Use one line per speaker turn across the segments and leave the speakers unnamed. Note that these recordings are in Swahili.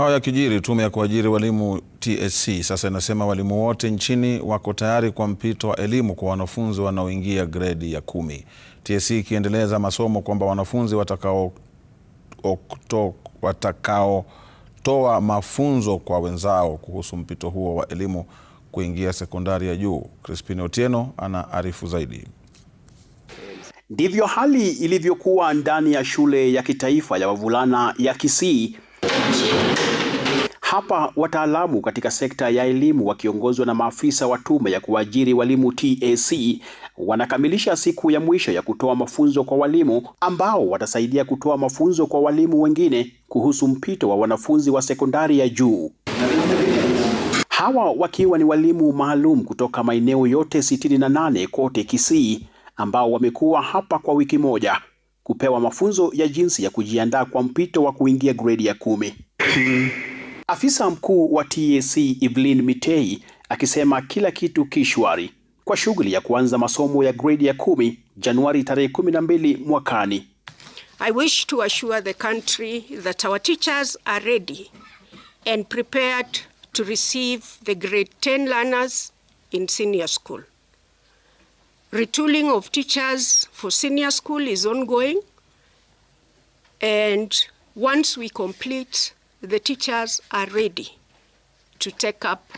hayo yakijiri, tume ya kuajiri walimu TSC sasa inasema walimu wote nchini wako tayari kwa mpito wa elimu kwa wanafunzi wanaoingia gredi ya kumi, TSC ikiendeleza masomo kwamba wanafunzi watakao watakaotoa mafunzo kwa wenzao kuhusu mpito huo wa elimu kuingia sekondari ya juu. Crispin Otieno arifu zaidi.
Ndivyo hali ilivyokuwa ndani ya shule ya kitaifa ya wavulana ya Kisii. Hapa wataalamu katika sekta ya elimu wakiongozwa na maafisa wa tume ya kuajiri walimu tac wanakamilisha siku ya mwisho ya kutoa mafunzo kwa walimu ambao watasaidia kutoa mafunzo kwa walimu wengine kuhusu mpito wa wanafunzi wa sekondari ya juu. Hawa wakiwa ni walimu maalum kutoka maeneo yote 68 kote Kisii ambao wamekuwa hapa kwa wiki moja kupewa mafunzo ya jinsi ya kujiandaa kwa mpito wa kuingia gredi ya kumi. Afisa mkuu wa TSC Evelyn Mitei akisema kila kitu kishwari kwa shughuli ya kuanza masomo ya gredi ya kumi Januari tarehe 12 mwakani.
I wish to assure the country that our teachers are ready and prepared to receive the grade 10 learners in senior school. Retooling of teachers for senior school is ongoing and once we complete the teachers are ready to take up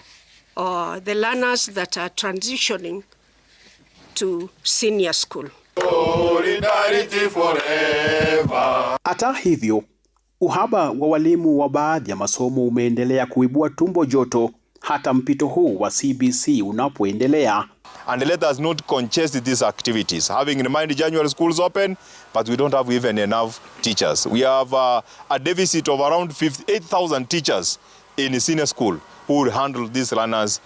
uh, the learners that are transitioning to senior school. Solidarity
forever. Hata hivyo, uhaba wa walimu wa baadhi ya masomo umeendelea kuibua tumbo joto hata mpito huu wa CBC unapoendelea
and let us not congest these activities. Having in mind January schools open, but we don't have even enough teachers. We have uh, a deficit of around 8,000 teachers in senior school who will handle these learners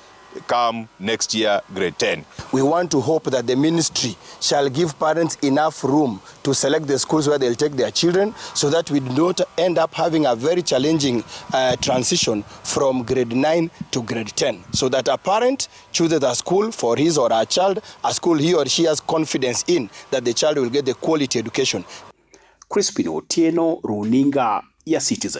come next year grade 10.
We want to hope that the ministry shall give parents enough room to select the schools where they'll take their children so that we don't end up having a very challenging uh, transition from grade 9 to grade 10 so that a parent chooses a school for his or her child, a school he or she has confidence in that the child will get the quality education. Crispin Otieno, Runinga ya Citizen.